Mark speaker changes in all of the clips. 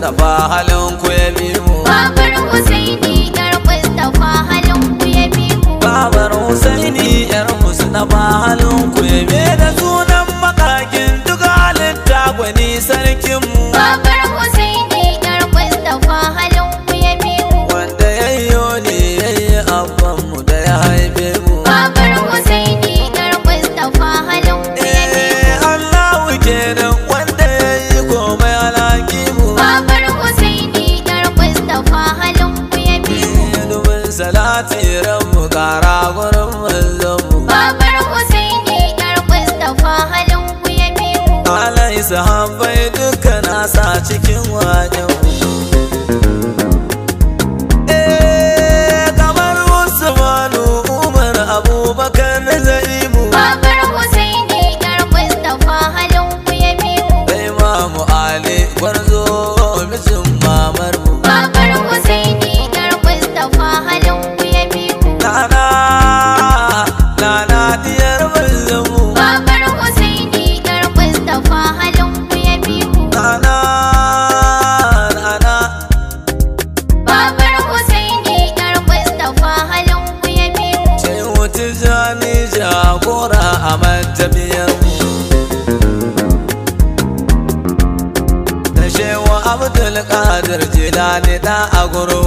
Speaker 1: Mustapha halin ku ya bi mu
Speaker 2: Babar Husaini yar Mustapha halin
Speaker 1: ku ya bi mu Babar Husaini yar Mustapha halin ku ya bi mu cikin wajen tijani jagora a majamiyar da shewa abdul qadir jilani da a guru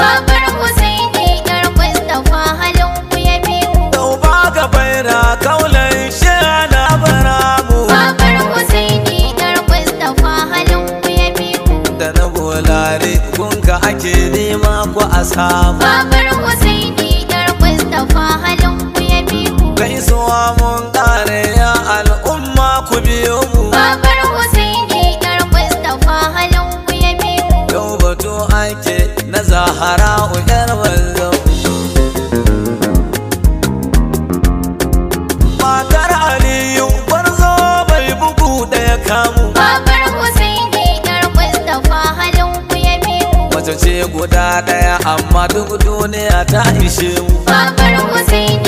Speaker 2: babar husaini yar mustafa halin ku ya biyu
Speaker 1: tauba ga baira kaulan shi
Speaker 2: na baramu babar husaini yar mustafa halin ku ya biyu
Speaker 1: da na bolare kun ga ake nema ku a samu
Speaker 2: babar husaini ma mun kare ya
Speaker 1: al'umma ku biyo mu
Speaker 2: babar ne yar Mustapha halin mu ya biyo
Speaker 1: yau batu ake na zahara yar wallo matar aliyu barzo bai bugu daya kamu
Speaker 2: babar ne yar Mustapha halin mu ya biyo
Speaker 1: mace ce guda ɗaya, amma duk duniya ta ishe mu
Speaker 2: babar husaini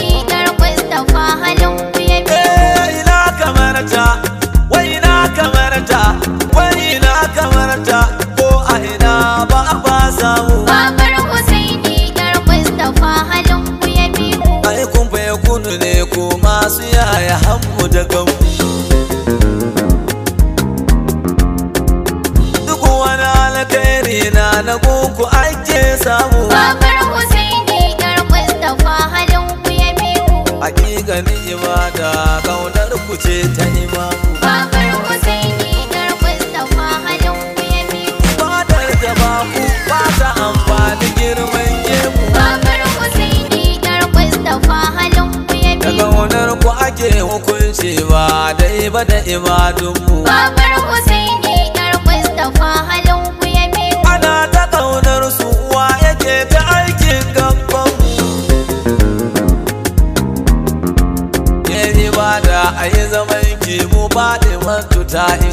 Speaker 1: shahada kaunar ku ce ta
Speaker 2: imamu bakar husaini dar mustafa halin ku ya fi fadar da ba ku ba ta
Speaker 1: amfani girman gemu
Speaker 2: bakar husaini dar mustafa halin ku ya Daga kaunar
Speaker 1: ku ake hukunci ba dai ba da ibadun
Speaker 2: mu bakar husaini
Speaker 1: I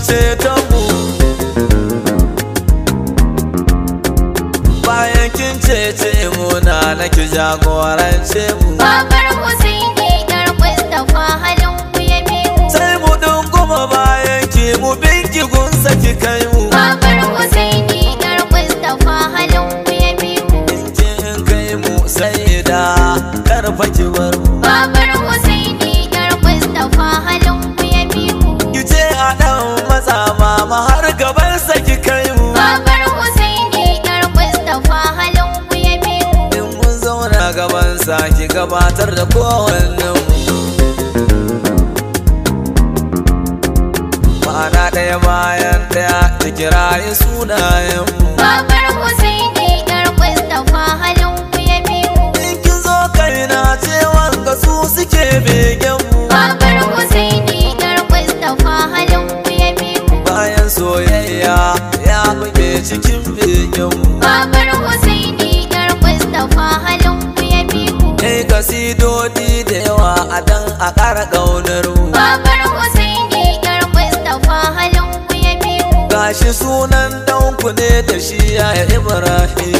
Speaker 1: cetonmu bayan kin ce mu na nake jagorance
Speaker 2: mu babar husaini yar mustafa halin ku ya mu sai
Speaker 1: mu dunguma bayan ki mu binki gun saki kai
Speaker 2: mu babar husaini yar mustafa halin ku ya mu in
Speaker 1: kin kai mu sai da karfa ki bar mu sake gabatar da kowannen ma'ana ɗaya bayan ɗaya da kirayi sunayen mu shi sunan danku ne da shi ya Ibrahim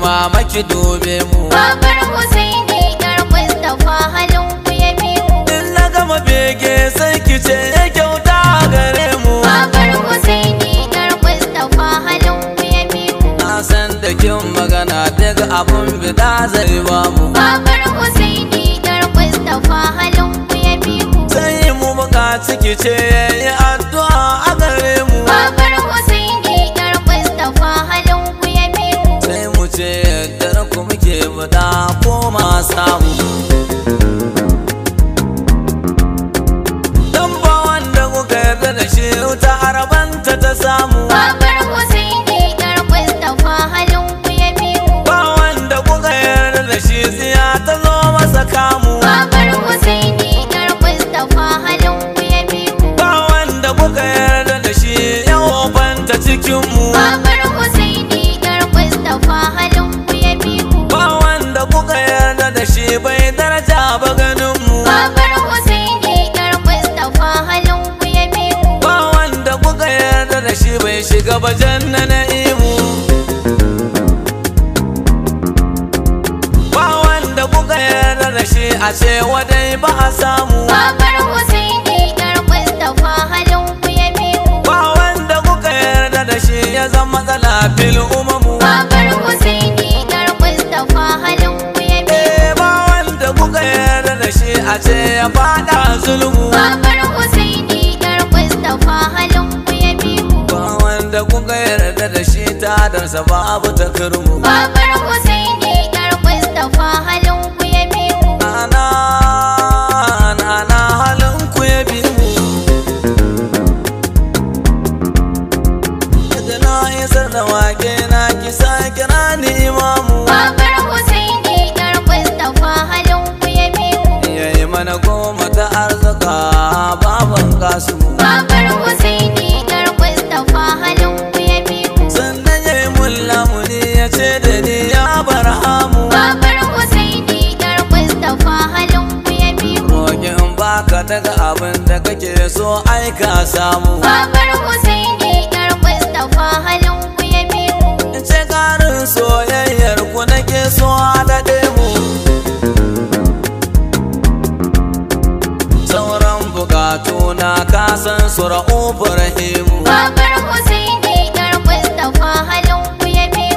Speaker 1: mama ki dobe mu
Speaker 2: babar husaini yar mustafa halin ku ya mu in
Speaker 1: na gama bege sai ki ce ya kyauta gare mu
Speaker 2: babar husaini yar mustafa halin ku ya mu
Speaker 1: na san da kin magana daga abun bida zai ba mu
Speaker 2: babar husaini yar mustafa halin ku ya mu
Speaker 1: sai mu buƙaci ki ce yayi
Speaker 2: addu'a
Speaker 1: da koma samu bajan na na'imu ba wanda kuka yarda da shi a ce wadai ba a samu
Speaker 2: babar husaini yar mustafa halin ku ya biyu
Speaker 1: ba wanda kuka yarda da shi ya zama matsala fil umamu babar
Speaker 2: husaini yar mustafa halin ku ya biyu eh, ba
Speaker 1: wanda kuka yarda da shi a ce ya fada zulmu babar tadarsa babu ta kirmu
Speaker 2: babar husaini yar mustafa halin ku ya bi mu ana
Speaker 1: ana halin ku ya bi mu da na isar da wake na ki sa na ni imamu
Speaker 2: babar husaini yar mustafa halin ku ya bi mu
Speaker 1: yayi mana goma ta arzika baban kasu aika ai samu
Speaker 2: babar husaini yar mustafa halin ku ya mu ce karin
Speaker 1: soyayyar ku nake so a mu sauran bukatu na kasan su ra'ufu rahimu
Speaker 2: babar husaini yar mustafa halin ku ya mu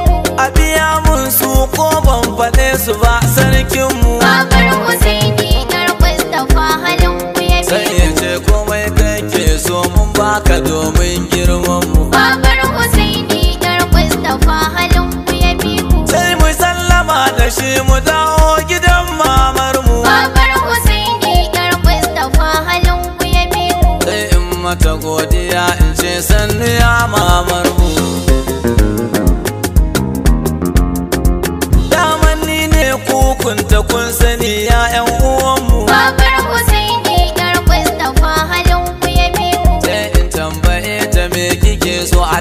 Speaker 1: a biya mun su ko ban faɗe su ba sarkin mu.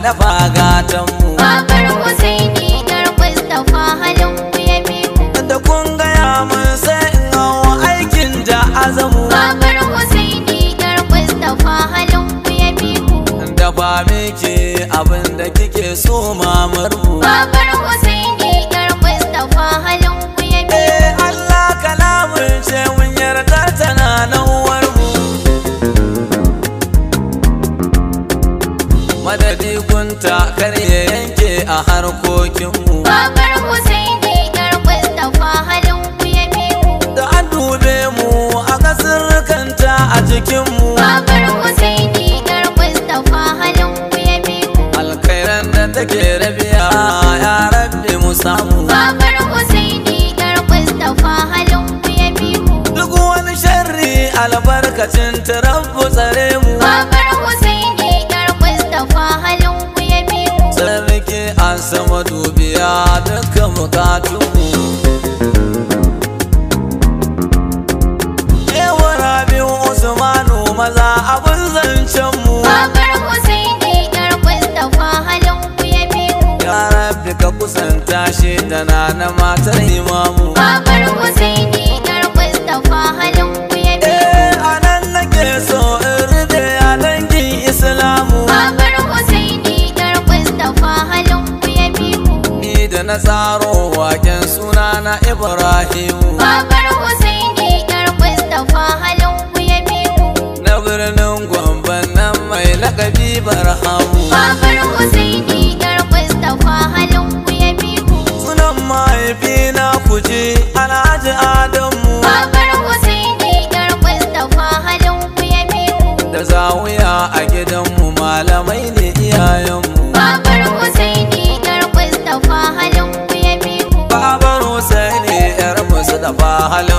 Speaker 1: na bagatan
Speaker 2: lafiya ya rabbi mu husaini yar mustafa halin mu ya bi mu duk
Speaker 1: wani sharri albarkacin ta rabbu tsare mu babar
Speaker 2: husaini yar mustafa halin mu ya bi
Speaker 1: mu mu Usmanu maza ashe tana na matar imamu
Speaker 2: babar husaini yar mustafa halin ku ya bi eh anan nake so in rude a dangin islamu babar husaini yar mustafa halin ku ya bi mu ni da na
Speaker 1: tsaro waken suna na ibrahimu
Speaker 2: babar husaini yar mustafa halin ku ya bi mu
Speaker 1: na birnin gwamban nan mai lakabi barhamu
Speaker 2: babar husaini
Speaker 1: safina ku je alhaji adamu
Speaker 2: babar husaini yar mustafa halin ku ya
Speaker 1: da zawuya a gidanmu malamai ne iyayenmu
Speaker 2: babar husaini yar mustafa halin ku ya
Speaker 1: babar husaini yar mustafa halin